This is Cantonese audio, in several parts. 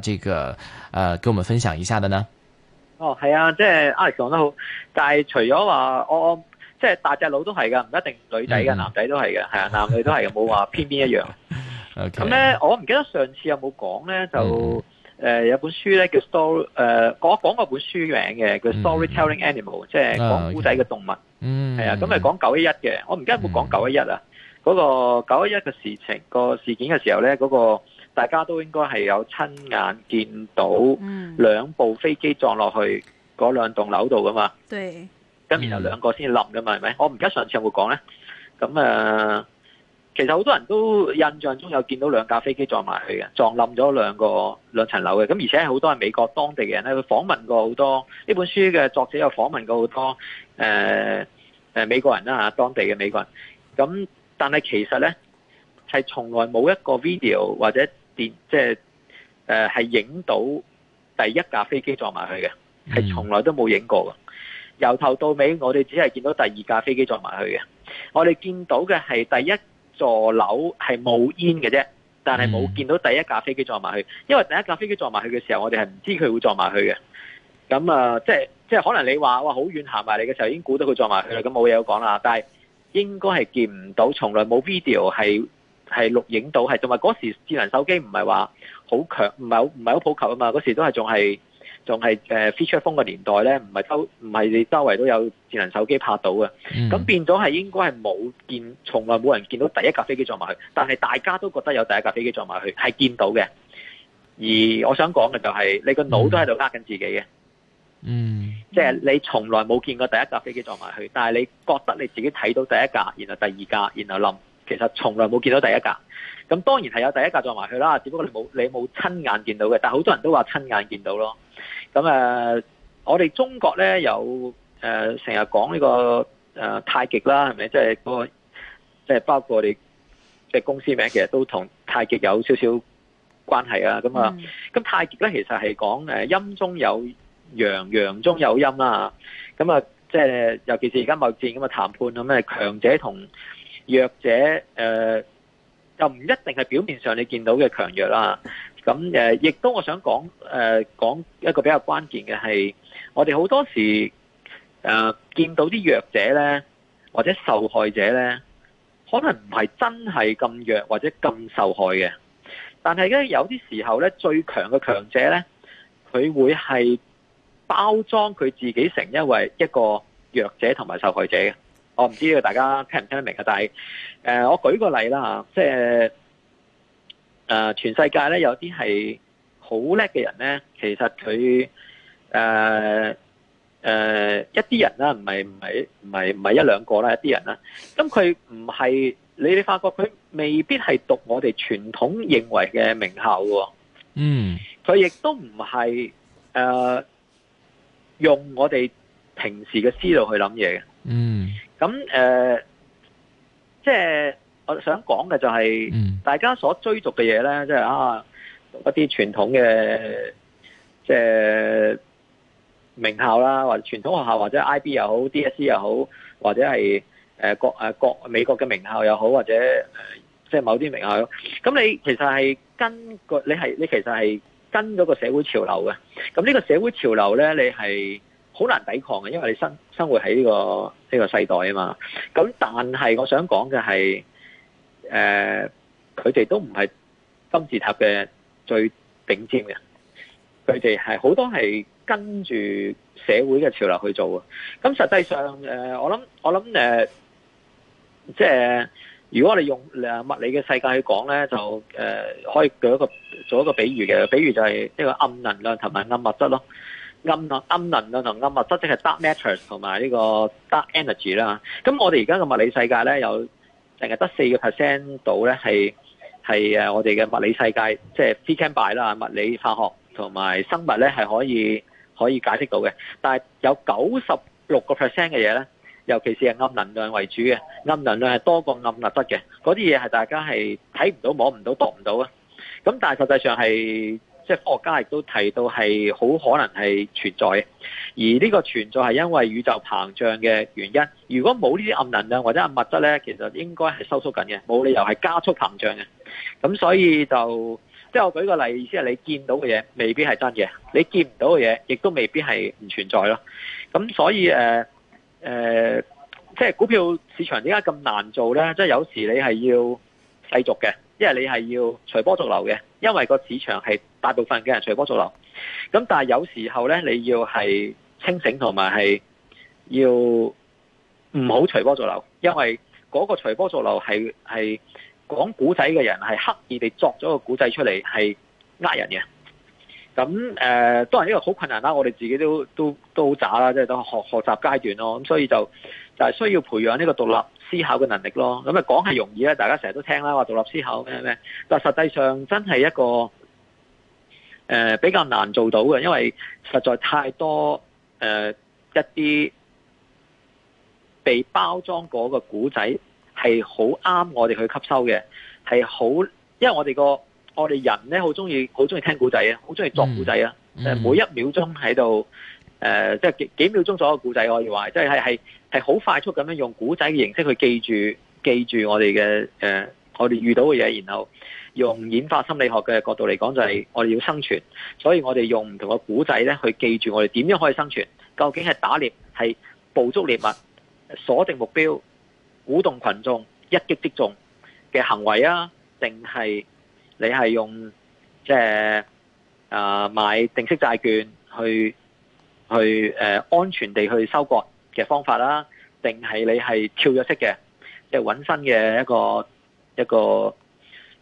這個，誒、呃，跟我們分享一下的呢？哦，係啊，即係 Alex 講得好，但係除咗話我，即、哦、係、就是、大隻佬都係噶，唔一定女仔噶，嗯、男仔都係噶，係啊，男女都係，冇話 偏偏一樣。咁咧 Okay.，我唔記得上次有冇講咧，就誒、嗯呃、有本書咧叫 Story，誒、呃、講講本書名嘅，叫 Storytelling Animal，即係講古仔嘅動物。嗯。係啊，咁係講九一一嘅，我唔記得有冇講九一一啊？嗰、嗯、個九一一嘅事情、那個事件嘅時候咧，嗰、那個。大家都應該係有親眼見到兩部飛機撞落去嗰兩棟樓度噶嘛？嗯、兩嘛對，咁然後兩個先冧噶嘛？係咪？我唔記得上次有冇講咧？咁、嗯、誒，其實好多人都印象中有見到兩架飛機撞埋去嘅，撞冧咗兩個兩層樓嘅。咁而且好多係美國當地嘅人咧，佢訪問過好多呢本書嘅作者有訪問過好多誒誒美國人啦嚇，當地嘅美國人。咁但係其實咧係從來冇一個 video 或者。電即係誒，係、呃、影到第一架飛機撞埋去嘅，係從來都冇影過嘅。由頭到尾，我哋只係見到第二架飛機撞埋去嘅。我哋見到嘅，係第一座樓係冇煙嘅啫，但係冇見到第一架飛機撞埋去。因為第一架飛機撞埋去嘅時候，我哋係唔知佢會撞埋去嘅。咁、嗯、啊、呃，即係即係可能你話哇，好遠行埋嚟嘅時候已經估到佢撞埋去啦，咁冇嘢好講啦。但係應該係見唔到，從來冇 video 係。係錄影到，係同埋嗰時智能手機唔係話好強，唔係唔係好普及啊嘛。嗰時都係仲係仲係誒 feature phone 嘅年代咧，唔係周唔係周圍都有智能手機拍到嘅。咁變咗係應該係冇見，從來冇人見到第一架飛機撞埋去。但係大家都覺得有第一架飛機撞埋去，係見到嘅。而我想講嘅就係、是、你個腦都喺度呃緊自己嘅，嗯，即係你從來冇見過第一架飛機撞埋去，但係你覺得你自己睇到第一架，然後第二架，然後冧。其實從來冇見到第一架，咁當然係有第一架撞埋去啦，只不過你冇你冇親眼見到嘅，但係好多人都話親眼見到咯。咁啊，我哋中國咧有誒成日講呢個誒太極啦，係咪？即係個即係包括我哋即係公司名，其實都同太極有少少關係啊。咁啊，咁太極咧其實係講誒陰中有陽，陽中有陰啦。咁啊，即係尤其是而家貿易戰咁啊談判咁咩，強者同。弱者，誒又唔一定係表面上你見到嘅強弱啦。咁誒，亦都我想講，誒講一個比較關鍵嘅係，我哋好多時誒見到啲弱者咧，或者受害者咧，可能唔係真係咁弱或者咁受害嘅。但係咧，有啲時候咧，最強嘅強者咧，佢會係包裝佢自己成一位一個弱者同埋受害者嘅。我唔知道大家聽唔聽得明啊，但係誒、呃，我舉個例啦吓，即係誒、呃，全世界咧有啲係好叻嘅人咧，其實佢誒誒一啲人啦，唔係唔係唔係唔係一兩個啦，一啲人啦，咁佢唔係你你發覺佢未必係讀我哋傳統認為嘅名校嘅，嗯，佢亦都唔係誒用我哋平時嘅思路去諗嘢嘅，嗯。咁誒、呃、即係我想講嘅就係、是，嗯、大家所追逐嘅嘢咧，即係啊，一啲傳統嘅即係名校啦，或者傳統學校或者 IB 又好，DSE 又好，或者係誒、呃、國誒國美國嘅名校又好，或者誒、呃、即係某啲名校。咁你其實係跟個，你係你其實係跟咗個社會潮流嘅。咁呢個社會潮流咧，你係。好難抵抗嘅，因為你生生活喺呢個呢個世代啊嘛。咁但係我想講嘅係，誒，佢哋都唔係金字塔嘅最頂尖嘅，佢哋係好多係跟住社會嘅潮流去做啊。咁實際上，誒，我諗我諗，誒，即係如果我哋用誒物理嘅世界去講咧，就誒可以舉一個做一個比喻嘅，比如就係呢個暗能量同埋暗物質咯。暗能、暗能量同暗物質即係 dark matter 同埋呢個 dark energy 啦。咁我哋而家嘅物理世界咧，有淨係得四個 percent 度咧，係係誒我哋嘅物理世界，即係 physics 啦、物理化學同埋生物咧，係可以可以解釋到嘅。但係有九十六個 percent 嘅嘢咧，尤其是係暗能量為主嘅，暗能量係多過暗物質嘅，嗰啲嘢係大家係睇唔到、摸唔到、度唔到啊。咁但係實際上係。即係科學家亦都提到係好可能係存在，而呢個存在係因為宇宙膨脹嘅原因。如果冇呢啲暗能量或者暗物質咧，其實應該係收縮緊嘅，冇理由係加速膨脹嘅。咁所以就即係我舉個例，意思係你見到嘅嘢未必係真嘅，你見唔到嘅嘢亦都未必係唔存在咯。咁所以誒誒、呃呃，即係股票市場點解咁難做咧？即係有時你係要細讀嘅。即係你係要隨波逐流嘅，因為個市場係大部分嘅人隨波逐流。咁但係有時候咧，你要係清醒同埋係要唔好隨波逐流，因為嗰個隨波逐流係係講古仔嘅人係刻意地作咗個古仔出嚟，係呃人嘅。咁誒，當然呢個好困難啦，我哋自己都都都好渣啦，即係都學學習階段咯。咁所以就就係需要培養呢個獨立。思考嘅能力咯，咁啊講係容易啦，大家成日都聽啦，話獨立思考咩咩，但係實際上真係一個誒、呃、比較難做到嘅，因為實在太多誒、呃、一啲被包裝過嘅古仔係好啱我哋去吸收嘅，係好，因為我哋個我哋人咧好中意好中意聽古仔啊，好中意作古仔啊，誒、嗯呃、每一秒鐘喺度誒即係幾幾秒鐘左右嗰個古仔可以話，即係係係。是係好快速咁樣用古仔嘅形式去記住記住我哋嘅誒，我哋遇到嘅嘢，然後用演化心理學嘅角度嚟講，就係我哋要生存，所以我哋用唔同嘅古仔咧去記住我哋點樣可以生存。究竟係打獵係捕捉獵物、鎖定目標、鼓動群眾一擊即中嘅行為啊，定係你係用即係啊買定息債券去去誒、呃、安全地去收割？嘅方法啦，定係你係跳躍式嘅，即係搵新嘅一個一個誒、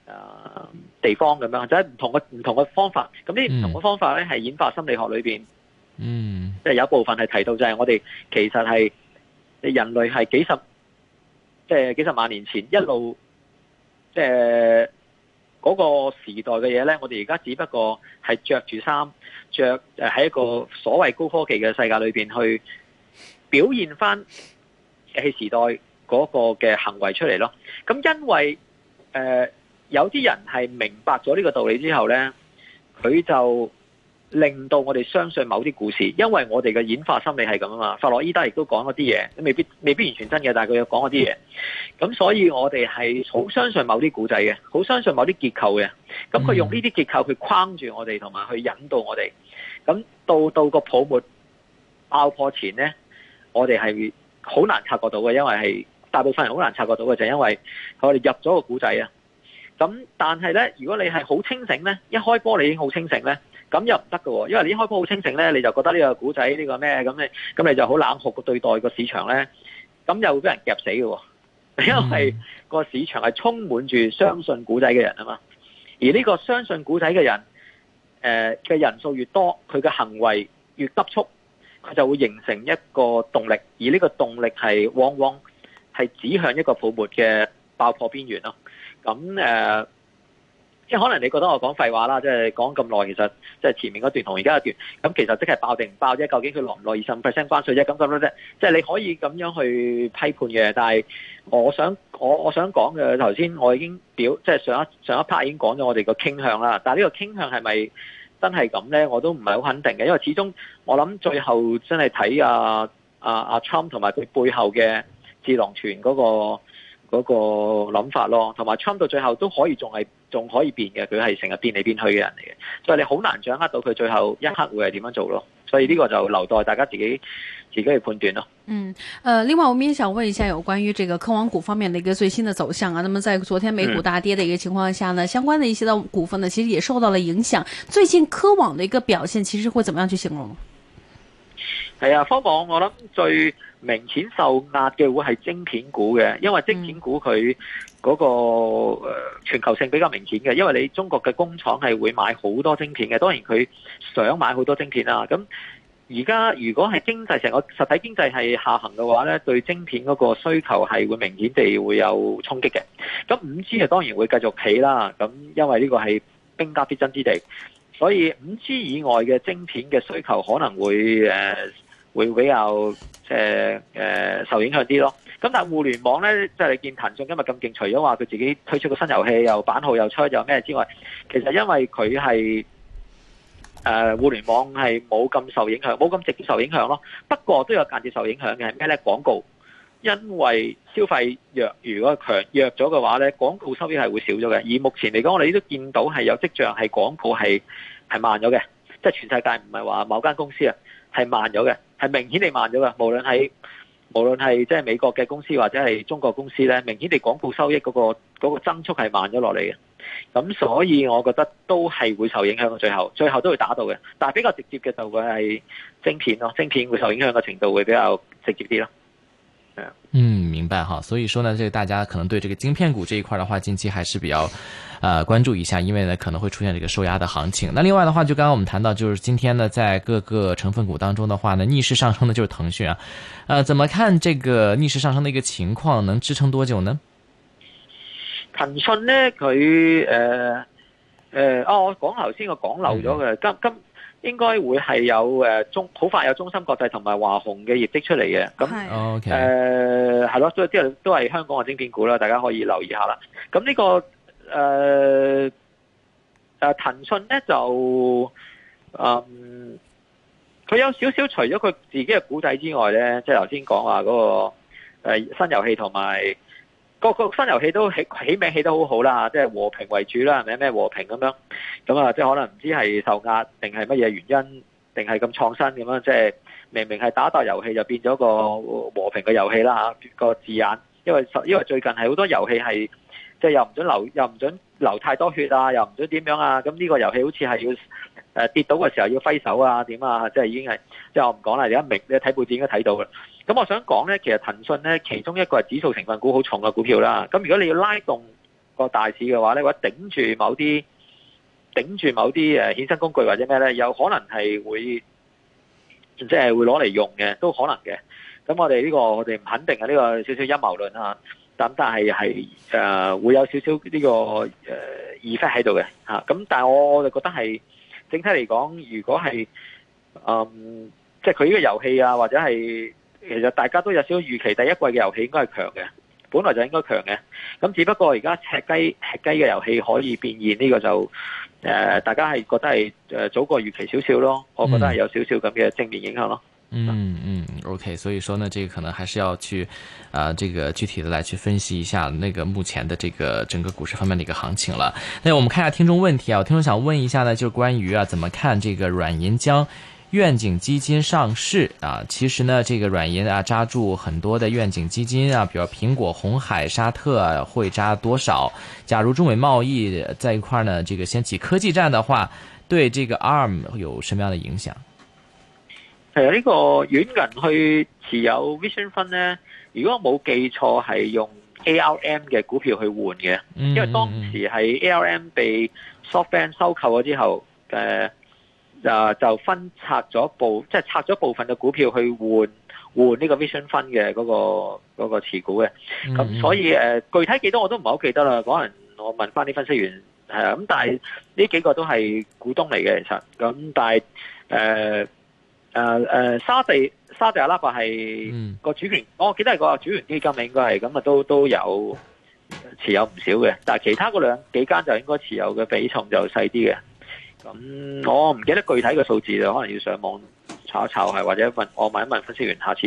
呃、地方咁樣，或者唔同嘅唔同嘅方法。咁呢唔同嘅方法咧，係演化心理學裏邊，即係、嗯、有一部分係提到就係我哋其實係人類係幾十即係幾十萬年前一路即係嗰、那個時代嘅嘢咧，我哋而家只不過係着住衫，着誒喺一個所謂高科技嘅世界裏邊去。表現翻遊戲時代嗰個嘅行為出嚟咯，咁因為誒、呃、有啲人係明白咗呢個道理之後呢，佢就令到我哋相信某啲故事，因為我哋嘅演化心理係咁啊嘛。法洛伊德亦都講咗啲嘢，未必未必完全真嘅，但係佢又講咗啲嘢，咁所以我哋係好相信某啲古仔嘅，好相信某啲結構嘅，咁佢用呢啲結構去框住我哋，同埋去引導我哋，咁到到嗰個泡沫爆破前呢。我哋係好難察覺到嘅，因為係大部分人好難察覺到嘅，就係因為我哋入咗個古仔啊。咁但係咧，如果你係好清醒咧，一開波你已經好清醒咧，咁又唔得喎！因為你一開波好清醒咧，你就覺得呢個古仔呢個咩？咁你，咁你就好冷酷嘅對待個市場咧，咁又會俾人夾死嘅，因為個市場係充滿住相信古仔嘅人啊嘛。而呢個相信古仔嘅人，誒、呃、嘅人數越多，佢嘅行為越急促。佢就會形成一個動力，而呢個動力係往往係指向一個泡沫嘅爆破邊緣咯。咁誒，即係可能你覺得我講廢話啦，即係講咁耐，其實即係前面嗰段同而家一段，咁其實即係爆定唔爆啫？究竟佢落唔落二十五 percent 關稅啫？咁咁樣啫，即係你可以咁樣去批判嘅，但係我想我我想講嘅頭先，我已經表即係上一上一 part 已經講咗我哋個傾向啦。但係呢個傾向係咪？真係咁呢，我都唔係好肯定嘅，因為始終我諗最後真係睇阿阿阿 Trump 同埋佢背後嘅智囊團嗰個嗰個諗法囉。同埋 Trump 到最後都可以仲係。仲可以變嘅，佢係成日變嚟變去嘅人嚟嘅，所以你好難掌握到佢最後一刻會係點樣做咯。所以呢個就留待大家自己自己去判斷咯。嗯、呃，另外，我們也想問一下有關於這個科網股方面的一個最新的走向啊。那麼在昨天美股大跌的一個情況下呢，嗯、相關的一些的股份呢，其實也受到了影響。最近科網的一個表現，其實會怎麼樣去形容？係啊，科網我諗最明顯受壓嘅會係晶片股嘅，因為晶片股佢。嗯嗰個誒全球性比較明顯嘅，因為你中國嘅工廠係會買好多晶片嘅，當然佢想買好多晶片啦。咁而家如果係經濟成個實體經濟係下行嘅話咧，對晶片嗰個需求係會明顯地會有衝擊嘅。咁五 G 係當然會繼續起啦，咁因為呢個係兵家必爭之地，所以五 G 以外嘅晶片嘅需求可能會誒、呃、會比較誒、呃、受影響啲咯。咁但係互聯網呢，即係你見騰訊今日咁勁，除咗話佢自己推出個新遊戲，又版號又出咗咩之外，其實因為佢係誒互聯網係冇咁受影響，冇咁直接受影響咯。不過都有間接受影響嘅，係咩呢？廣告，因為消費弱，如果強弱咗嘅話呢，廣告收益係會少咗嘅。而目前嚟講，我哋都見到係有跡象係廣告係係慢咗嘅，即係全世界唔係話某間公司啊係慢咗嘅，係明顯地慢咗嘅，無論係。無論係即係美國嘅公司或者係中國公司咧，明顯地廣告收益嗰個嗰個增速，係慢咗落嚟嘅，咁所以我覺得都係會受影響。最後，最後都會打到嘅，但係比較直接嘅就會係晶片咯，晶片會受影響嘅程度會比較直接啲咯。嗯，明白哈。所以說呢，這個大家可能對這個晶片股這一塊的話，近期還是比較，呃，關注一下，因為呢可能會出現這個受壓的行情。那另外的話，就剛剛我們談到，就是今天呢，在各個成分股當中的話呢，逆勢上升的就是騰訊啊。呃，怎麼看這個逆勢上升的一個情況，能支撐多久呢？騰訊呢，佢呃呃哦，我講頭先我講漏咗嘅、嗯，今今。應該會係有誒中好快有中芯國際同埋華虹嘅業績出嚟嘅，咁誒係咯，所以啲人都係香港嘅晶片股啦，大家可以留意一下啦。咁呢、這個誒誒、呃呃、騰訊咧就嗯，佢有少少除咗佢自己嘅故仔之外咧，即係頭先講話嗰個、呃、新遊戲同埋。個個新遊戲都起起名起得好好啦，即、就、係、是、和平為主啦，係咪咩和平咁樣咁啊！即係可能唔知係受壓定係乜嘢原因，定係咁創新咁樣，即係明明係打鬥遊戲就變咗個和平嘅遊戲啦。個字眼，因為因為最近係好多遊戲係即係又唔准流，又唔准流太多血啊，又唔准點樣啊。咁呢個遊戲好似係要誒跌倒嘅時候要揮手啊，點啊！即係已經係即係我唔講啦，你而家明，你睇報紙應該睇到啦。咁我想講呢，其實騰訊呢其中一個係指數成分股好重嘅股票啦。咁如果你要拉動個大市嘅話呢，或者頂住某啲頂住某啲誒衍生工具或者咩呢，有可能係會即係、就是、會攞嚟用嘅，都可能嘅。咁我哋呢、這個我哋唔肯定啊呢、這個少少陰謀論啊，但但係係會有少少呢、這個誒 effect 喺度嘅。咁但係我我就覺得係整體嚟講，如果係嗯即係佢呢個遊戲啊或者係。其實大家都有少少預期第一季嘅遊戲應該係強嘅，本來就應該強嘅。咁只不過而家吃雞吃雞嘅遊戲可以變現呢個就誒、呃，大家係覺得係誒早過預期少少咯。我覺得係有少少咁嘅正面影響咯。嗯嗯，OK。所以說呢，這個可能還是要去啊、呃，這個具體的來去分析一下那個目前的這個整個股市方面的一個行情啦。那我們看一下聽眾問題啊，我聽眾想問一下呢，就是、關於啊，怎麼看這個軟銀將？願景基金上市啊，其實呢，這個軟銀啊，揸住很多的願景基金啊，比如蘋果、紅海、沙特、啊、會揸多少？假如中美貿易在一塊呢，這個掀起科技戰的話，對這個 ARM 有什麼樣的影響？係啊，呢個軟銀去持有 Vision Fund 呢，如果我冇記錯，係用 ARM 嘅股票去換嘅，嗯嗯嗯，因為當時係 ARM 被 SoftBank 收購咗之後、呃就就分拆咗部，即係拆咗部分嘅股票去換換呢個 Vision Fund 嘅嗰、嗰個嗰、嗰個持股嘅。咁、mm hmm. 所以、呃、具體幾多我都唔係好記得啦。可能我問翻啲分析員係啊。咁但係呢幾個都係股東嚟嘅，其實。咁但係誒誒沙地沙地阿拉伯係個主權，我、mm hmm. 哦、記得係個主權基金應該係。咁啊都都有持有唔少嘅。但係其他嗰兩幾間就應該持有嘅比重就細啲嘅。咁、嗯、我唔記得具體嘅數字啦，可能要上網查一查，係或者問我問一問分析員，下次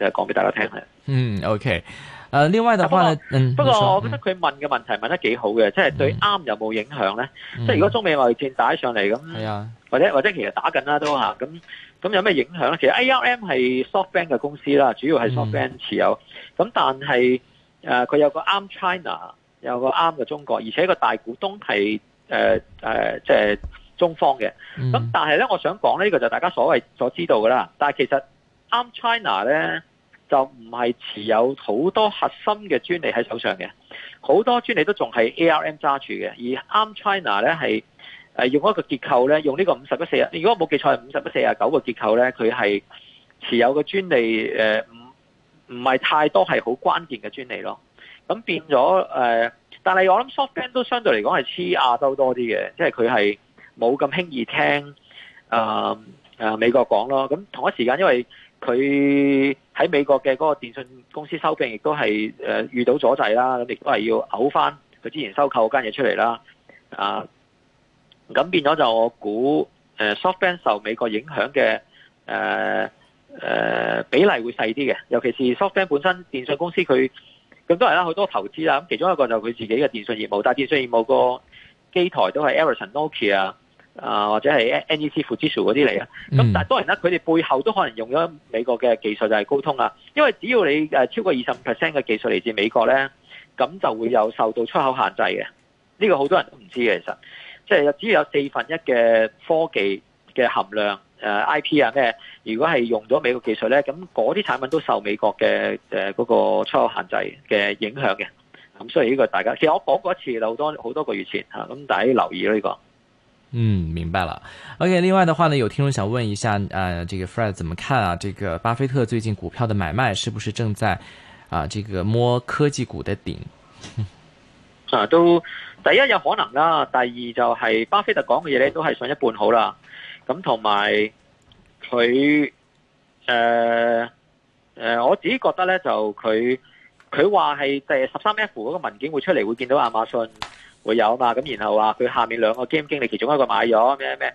就講俾大家聽。嗯，OK。誒，另外嘅話呢，嗯、啊，不過、嗯、不說我覺得佢問嘅問題問得幾好嘅，嗯、即係對 ARM 有冇影響咧？嗯、即係如果中美貿易戰打上嚟，咁，係啊、嗯，或者或者其實打緊啦都吓，咁咁有咩影響咧？其實 ARM 係 SoftBank 嘅公司啦，主要係 SoftBank 持有，咁、嗯、但係誒佢有個 ARM China 有個 ARM 嘅中國，而且個大股東係誒誒即係。中方嘅，咁但係咧，我想講呢、呢個就大家所謂所知道㗎啦。但係其實 ARM China 咧就唔係持有好多核心嘅專利喺手上嘅，好多專利都仲係 ARM 揸住嘅。而 ARM China 咧係誒用一個結構咧，用呢個五十比四啊，如果我冇記錯係五十比四啊九個結構咧，佢係持有嘅專利誒唔唔係太多係好關鍵嘅專利咯。咁變咗誒、呃，但係我諗 SoftBank 都相對嚟講係黐亞洲多啲嘅，即係佢係。冇咁輕易聽誒、呃啊、美國講咯，咁同一時間，因為佢喺美國嘅嗰個電信公司收並亦都係遇到阻滯啦，咁亦都係要嘔翻佢之前收購嗰間嘢出嚟啦。啊，咁變咗就我估誒、呃、SoftBank 受美國影響嘅誒、呃呃、比例會細啲嘅，尤其是 SoftBank 本身電信公司佢咁多人啦，好多投資啦，咁其中一個就佢自己嘅電信業務，但係電信業務個機台都係 Ericsson Nokia。啊，或者係 NEC、嗯、富士通嗰啲嚟啊，咁但係當然啦，佢哋背後都可能用咗美國嘅技術，就係高通啊。因為只要你誒超過二十五 percent 嘅技術嚟自美國咧，咁就會有受到出口限制嘅。呢、呢個好多人都唔知嘅，其實即係只要有四分一嘅科技嘅含量，誒、啊、IP 啊咩，如果係用咗美國技術咧，咁嗰啲產品都受美國嘅誒嗰個出口限制嘅影響嘅。咁所以呢個大家，其實我講過一次，好多好多個月前嚇，咁、啊、大家留意呢、呢個。嗯，明白了。OK，另外的話呢，有聽眾想問一下，啊、呃，這個 Fred 怎麼看啊？這個巴菲特最近股票的買賣，是不是正在啊、呃，這個摸科技股的頂？ 啊，都第一有可能啦，第二就係巴菲特講嘅嘢咧，都係上一半好啦。咁同埋佢誒誒，我自己覺得咧，就佢佢話係第十三 F 嗰個文件會出嚟，會見到亞馬遜。有啊嘛，咁然後話佢下面兩個 game 經理其中一個買咗咩咩，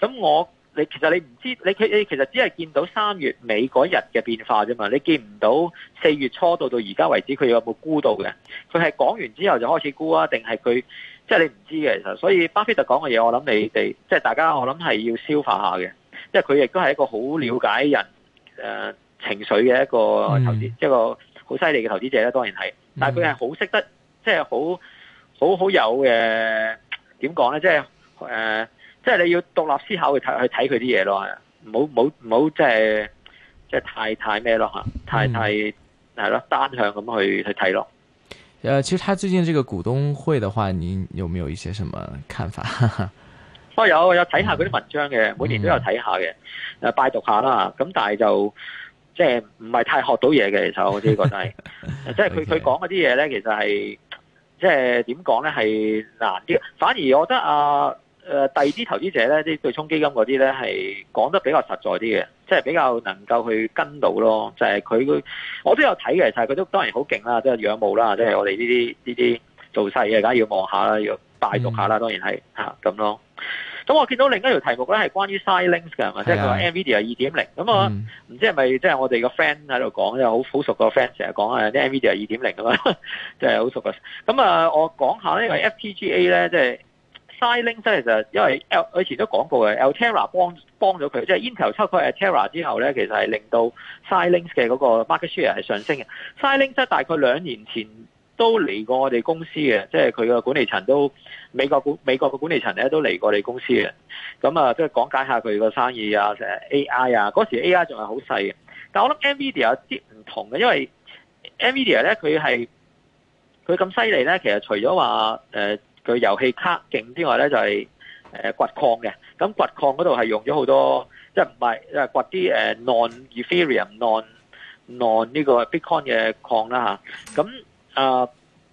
咁我你其實你唔知你佢你其實只係見到三月尾嗰日嘅變化啫嘛，你見唔到四月初到到而家為止佢有冇沽到嘅？佢係講完之後就開始沽啊，定係佢即係你唔知嘅。其實，所以巴菲特講嘅嘢，我諗你哋即係大家，我諗係要消化下嘅，即係佢亦都係一個好了解人誒、嗯呃、情緒嘅一個投資，即係、嗯、一個好犀利嘅投資者咧。當然係，但係佢係好識得即係好。好好有嘅，點講咧？即係誒、呃，即係你要獨立思考去睇去睇佢啲嘢咯，唔好唔好唔好即係即係太太咩咯吓，太太係咯、嗯、單向咁去去睇咯。誒，其實佢最近這個股東會嘅話，您有沒有一些什麼看法？我、哦、有有睇下嗰啲文章嘅，嗯、每年都有睇下嘅，誒、嗯、拜讀下啦。咁但係就即係唔係太學到嘢嘅，其實我覺得係，即係佢佢講嗰啲嘢咧，其實係。即係點講咧，係難啲。反而我覺得啊，誒、啊，第二啲投資者咧，啲對沖基金嗰啲咧，係講得比較實在啲嘅，即係比較能夠去跟到咯。就係佢，我都有睇嘅，但係佢都當然好勁啦，即係仰慕啦，即係我哋呢啲呢啲做勢嘅，梗係要望下啦，要拜讀下啦，當然係吓咁咯。咁、嗯、我見到另一條題目咧係關於 Silings 㗎嘛。即係佢話 Nvidia 係二點零，咁、嗯、我唔知係咪即係我哋個 friend 喺度講，係好熟 0, 呵呵、就是、熟個 friend 成日講誒 Nvidia 係二點零啊嘛，即係好熟嘅。咁啊，我講下呢個 FPGA 咧，即係 Silings 真係其實因為我、就是、以前都講過嘅，Altera 幫幫咗佢，即、就、係、是、Intel 抽佢 Altera 之後咧，其實係令到 Silings 嘅嗰個 market share 係上升嘅。Silings 則大概兩年前。都嚟過我哋公司嘅，即係佢嘅管理層都美國管美國嘅管理層咧都嚟過我哋公司嘅，咁啊即係講解下佢個生意啊，AI 啊，嗰時 AI 仲係好細嘅，但係我諗 NVIDIA 有啲唔同嘅，因為 NVIDIA 咧佢係佢咁犀利咧，其實除咗話誒佢遊戲卡勁之外咧，就係誒掘礦嘅，咁掘礦嗰度係用咗好多即係唔係即係掘啲誒 non Ethereum non non 呢個 Bitcoin 嘅礦啦吓，咁、嗯。誒，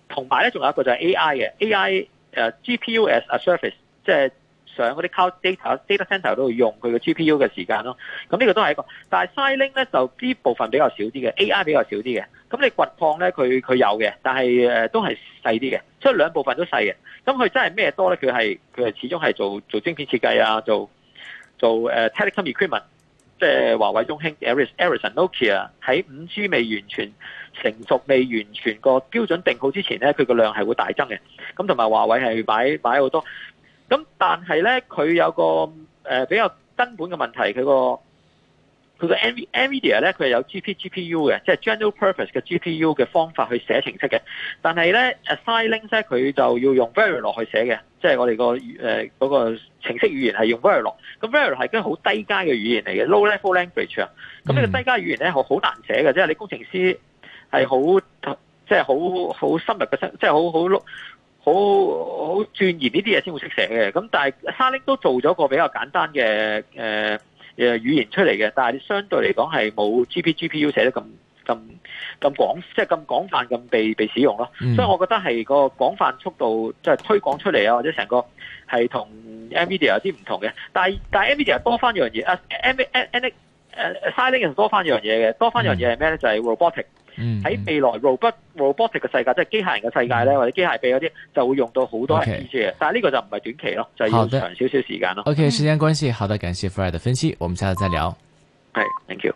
同埋咧，仲有一個就係 A I 嘅 A I 誒、uh, G P U as a service，即係上嗰啲 cloud data data centre 都會用佢個 G P U 嘅時間咯、哦。咁呢個都係一個，但係 scaling 咧就啲部分比較少啲嘅 A I 比較少啲嘅。咁你掘礦咧，佢佢有嘅，但係誒都係細啲嘅，所以兩部分都細嘅。咁佢真係咩多咧？佢係佢係始終係做做晶片設計啊，做做誒、uh, telecom equipment。即係華為中興、Aris、Arison、Nokia 喺五 G 未完全成熟、未完全個標準定好之前咧，佢個量係會大增嘅。咁同埋華為係擺擺好多。咁但係咧，佢有個誒比較根本嘅問題，佢個。佢個 NVIDIA 咧，佢係有 GPGPU 嘅，即係 general purpose 嘅 GPU 嘅方法去寫程式嘅。但係咧 Xilinx 咧佢就要用 Verilog 去寫嘅，即係我哋、呃嗰個程式語言係用 Verilog。咁 Verilog 係跟好低階嘅語言嚟嘅，low level language 啊。咁呢個低階語言咧，好好難寫嘅，即係你工程師係好即係好好深入嘅，即係好好好好鑽研呢啲嘢先會識寫嘅。咁但係 Xilinx 都做咗個比較簡單嘅誒。呃誒語言出嚟嘅，但係你相對嚟講係冇 GPGPU 寫得咁咁咁廣，即係咁廣泛咁被被使用咯。所以我覺得係個廣泛速度，即係推廣出嚟啊，或者成個係同 NVIDIA 有啲唔同嘅。但係但係 NVIDIA 多翻樣嘢啊，NVIDIA 嘅多翻樣嘢嘅，多翻樣嘢係咩咧？就係 robotic。 喺、嗯嗯、未來 robot robotic 嘅世界，即係機械人嘅世界咧，嗯、或者機械臂嗰啲，就會用到好多 A I 嘅。Okay 但係呢個就唔係短期咯，就要長少少時間咯。O K，時間關係，好的，okay，好的嗯、感謝 Fred 嘅分析，我們下次再聊。係 thank you。